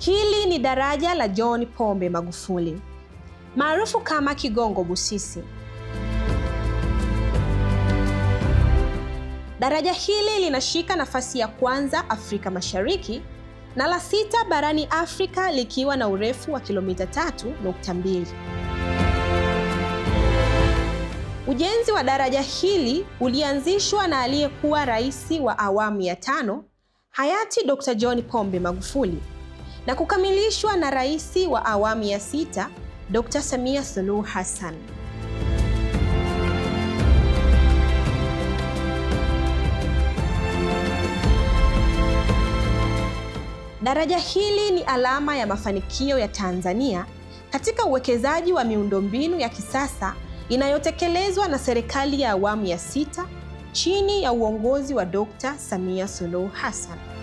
Hili ni daraja la John Pombe Magufuli maarufu kama Kigongo Busisi. Daraja hili linashika nafasi ya kwanza Afrika Mashariki na la sita barani Afrika likiwa na urefu wa kilomita 3.2. Ujenzi wa daraja hili ulianzishwa na aliyekuwa rais wa awamu ya tano hayati Dr. John Pombe Magufuli na kukamilishwa na Rais wa awamu ya sita Dr. Samia Suluhu Hassan. Daraja hili ni alama ya mafanikio ya Tanzania katika uwekezaji wa miundombinu ya kisasa inayotekelezwa na serikali ya awamu ya sita chini ya uongozi wa Dr. Samia Suluhu Hassan.